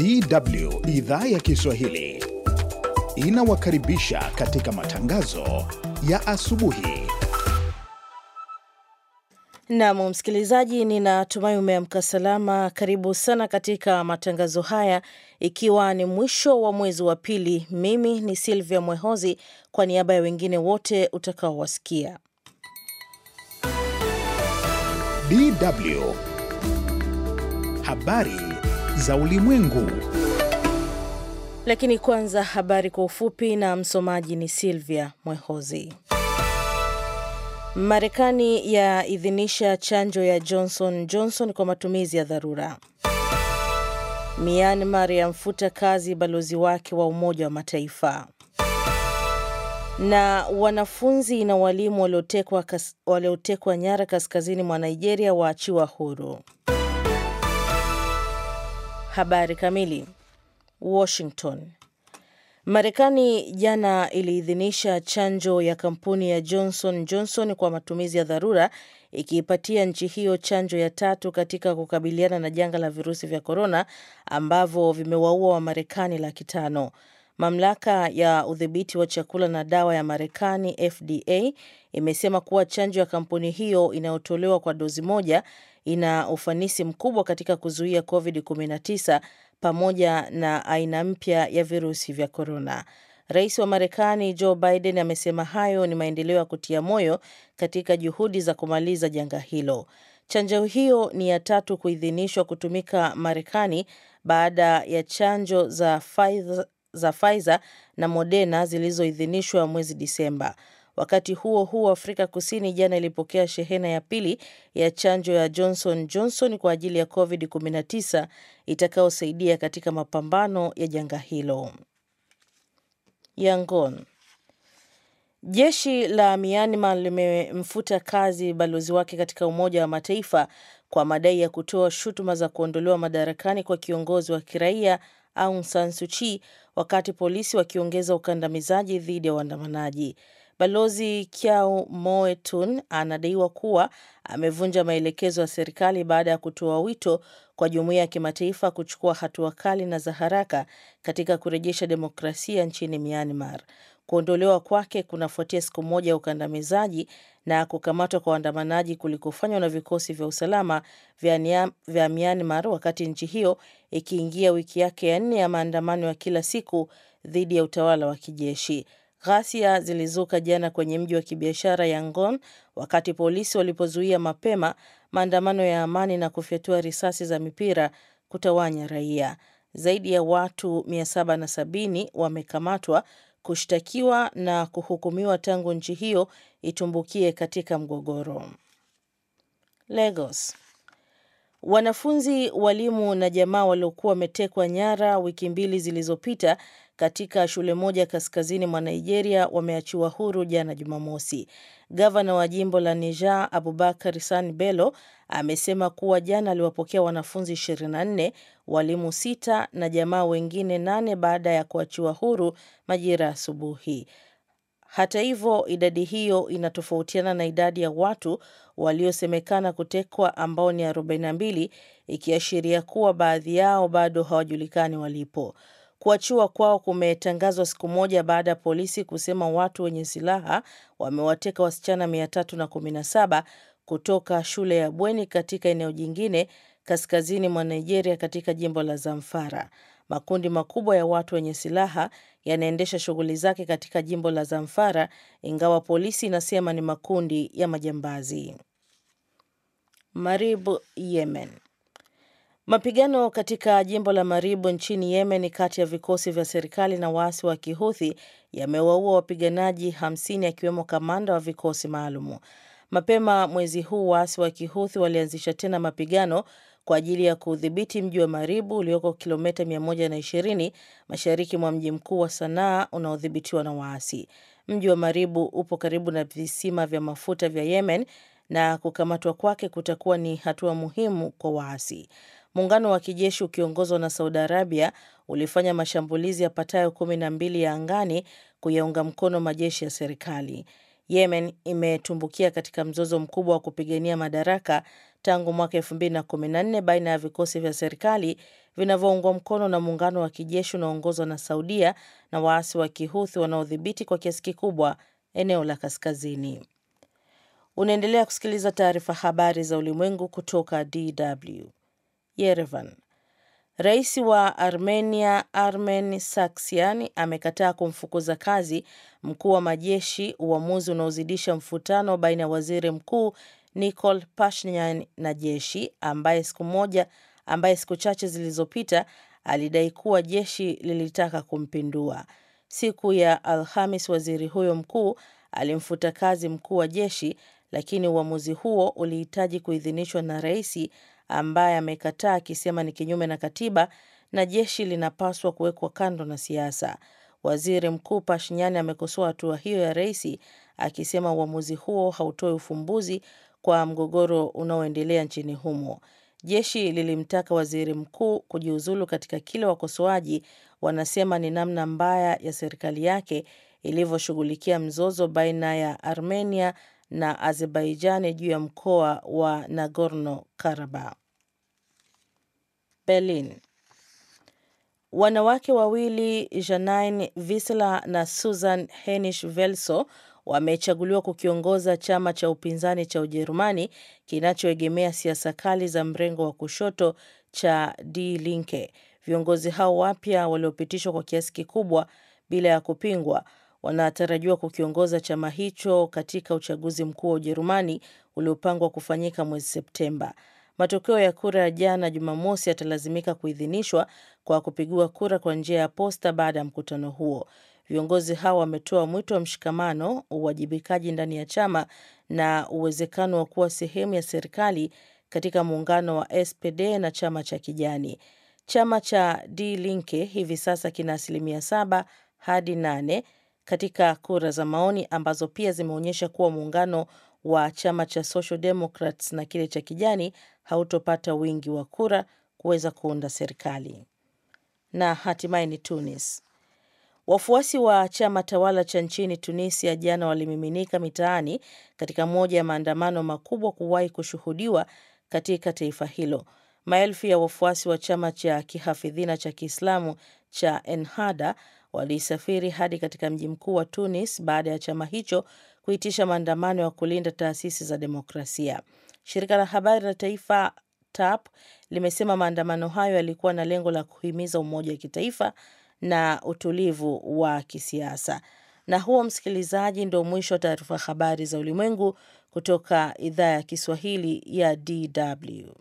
DW idhaa ya Kiswahili inawakaribisha katika matangazo ya asubuhi. Nam msikilizaji, ninatumai umeamka salama. Karibu sana katika matangazo haya, ikiwa ni mwisho wa mwezi wa pili. Mimi ni Silvia Mwehozi kwa niaba ya wengine wote utakaowasikia. DW habari za ulimwengu. Lakini kwanza habari kwa ufupi, na msomaji ni Silvia Mwehozi. Marekani yaidhinisha chanjo ya Johnson Johnson kwa matumizi ya dharura. Myanmar yamfuta kazi balozi wake wa Umoja wa Mataifa. Na wanafunzi na walimu waliotekwa waliotekwa nyara kaskazini mwa Nigeria waachiwa huru. Habari kamili. Washington. Marekani jana iliidhinisha chanjo ya kampuni ya Johnson Johnson kwa matumizi ya dharura ikiipatia nchi hiyo chanjo ya tatu katika kukabiliana na janga la virusi vya korona ambavyo vimewaua Wamarekani laki tano. Mamlaka ya udhibiti wa chakula na dawa ya Marekani, FDA, imesema kuwa chanjo ya kampuni hiyo inayotolewa kwa dozi moja ina ufanisi mkubwa katika kuzuia COVID-19 pamoja na aina mpya ya virusi vya korona. Rais wa Marekani Joe Biden amesema hayo ni maendeleo ya kutia moyo katika juhudi za kumaliza janga hilo. Chanjo hiyo ni ya tatu kuidhinishwa kutumika Marekani baada ya chanjo za Pfizer, za Pfizer na Moderna zilizoidhinishwa mwezi Disemba. Wakati huo huo, Afrika Kusini jana ilipokea shehena ya pili ya chanjo ya Johnson Johnson kwa ajili ya COVID-19 itakayosaidia katika mapambano ya janga hilo. Yangon. Jeshi la Myanmar limemfuta kazi balozi wake katika Umoja wa Mataifa kwa madai ya kutoa shutuma za kuondolewa madarakani kwa kiongozi wa kiraia Aung San Suu Kyi, wakati polisi wakiongeza ukandamizaji dhidi ya waandamanaji. Balozi Kiau Moetun anadaiwa kuwa amevunja maelekezo ya serikali baada ya kutoa wito kwa jumuiya ya kimataifa kuchukua hatua kali na za haraka katika kurejesha demokrasia nchini Myanmar. Kuondolewa kwake kunafuatia siku moja ya ukandamizaji na kukamatwa kwa waandamanaji kulikofanywa na vikosi vya usalama vya, vya Myanmar wakati nchi hiyo ikiingia wiki yake ya nne ya maandamano ya kila siku dhidi ya utawala wa kijeshi. Ghasia zilizuka jana kwenye mji wa kibiashara Yangon wakati polisi walipozuia mapema maandamano ya amani na kufyatua risasi za mipira kutawanya raia. Zaidi ya watu 770 wamekamatwa, kushtakiwa na kuhukumiwa tangu nchi hiyo itumbukie katika mgogoro. Lagos. Wanafunzi, walimu na jamaa waliokuwa wametekwa nyara wiki mbili zilizopita katika shule moja kaskazini mwa Nigeria wameachiwa huru jana Jumamosi. Gavana wa jimbo la Niger, Abubakar Sani Bello, amesema kuwa jana aliwapokea wanafunzi 24, walimu sita na jamaa wengine nane baada ya kuachiwa huru majira asubuhi. Hata hivyo, idadi hiyo inatofautiana na idadi ya watu waliosemekana kutekwa ambao ni 42, ikiashiria kuwa baadhi yao bado hawajulikani walipo. Kuachiwa kwao kumetangazwa siku moja baada ya polisi kusema watu wenye silaha wamewateka wasichana 317 kutoka shule ya bweni katika eneo jingine kaskazini mwa Nigeria katika jimbo la Zamfara. Makundi makubwa ya watu wenye silaha yanaendesha shughuli zake katika jimbo la Zamfara ingawa polisi inasema ni makundi ya majambazi. Maribu, Yemen. Mapigano katika jimbo la Maribo nchini Yemen kati ya vikosi vya serikali na waasi wa Kihuthi yamewaua wapiganaji 50 akiwemo kamanda wa vikosi maalumu. Mapema mwezi huu waasi wa Kihuthi walianzisha tena mapigano kwa ajili ya kuudhibiti mji wa Maribu ulioko kilomita 120 mashariki mwa mji mkuu wa Sanaa unaodhibitiwa na waasi. Mji wa Maribu upo karibu na visima vya mafuta vya Yemen na kukamatwa kwake kutakuwa ni hatua muhimu kwa waasi. Muungano wa kijeshi ukiongozwa na Saudi Arabia ulifanya mashambulizi yapatayo kumi na mbili ya angani kuyaunga mkono majeshi ya serikali. Yemen imetumbukia katika mzozo mkubwa wa kupigania madaraka tangu mwaka nne baina ya vikosi vya serikali vinavyoungwa mkono na muungano wa kijeshi unaoongozwa na Saudia na waasi wa Kihuthi wanaodhibiti kwa kiasi kikubwa eneo la kaskazini. Unaendelea kusikiliza taarifa habari za ulimwengu kutoka DW. Yerevan. Rais wa Armenia Armen saksian amekataa kumfukuza kazi mkuu wa majeshi, uamuzi unaozidisha mvutano baina ya waziri mkuu Nikol Pashinyan na jeshi ambaye siku moja ambaye siku chache zilizopita alidai kuwa jeshi lilitaka kumpindua. Siku ya Alhamis, waziri huyo mkuu alimfuta kazi mkuu wa jeshi, lakini uamuzi huo ulihitaji kuidhinishwa na rais ambaye amekataa akisema ni kinyume na katiba na jeshi linapaswa kuwekwa kando na siasa. Waziri Mkuu pashinyani amekosoa hatua hiyo ya rais akisema uamuzi huo hautoi ufumbuzi kwa mgogoro unaoendelea nchini humo. Jeshi lilimtaka waziri mkuu kujiuzulu katika kile wakosoaji wanasema ni namna mbaya ya serikali yake ilivyoshughulikia mzozo baina ya Armenia na azerbaijani juu ya mkoa wa Nagorno Karabakh. Berlin. Wanawake wawili Janine visla na Susan Henish velso wamechaguliwa kukiongoza chama cha upinzani cha Ujerumani kinachoegemea siasa kali za mrengo wa kushoto cha Die Linke. Viongozi hao wapya waliopitishwa kwa kiasi kikubwa bila ya kupingwa wanatarajiwa kukiongoza chama hicho katika uchaguzi mkuu wa Ujerumani uliopangwa kufanyika mwezi Septemba. Matokeo ya kura ya jana Jumamosi yatalazimika kuidhinishwa kwa kupigiwa kura kwa njia ya posta baada ya mkutano huo. Viongozi hao wametoa mwito wa mshikamano, uwajibikaji ndani ya chama na uwezekano wa kuwa sehemu ya serikali katika muungano wa SPD na chama cha Kijani. Chama cha D Linke hivi sasa kina asilimia saba hadi nane katika kura za maoni ambazo pia zimeonyesha kuwa muungano wa chama cha Social Democrats na kile cha kijani hautopata wingi wa kura kuweza kuunda serikali. Na hatimaye ni Tunis. Wafuasi wa chama tawala cha nchini Tunisia jana walimiminika mitaani katika moja ya maandamano makubwa kuwahi kushuhudiwa katika taifa hilo. Maelfu ya wafuasi wa chama cha kihafidhina cha Kiislamu cha Ennahda walisafiri hadi katika mji mkuu wa Tunis baada ya chama hicho kuitisha maandamano ya kulinda taasisi za demokrasia. Shirika la habari la taifa TAP limesema maandamano hayo yalikuwa na lengo la kuhimiza umoja wa kitaifa na utulivu wa kisiasa. Na huo, msikilizaji, ndio mwisho wa taarifa habari za ulimwengu kutoka idhaa ya Kiswahili ya DW.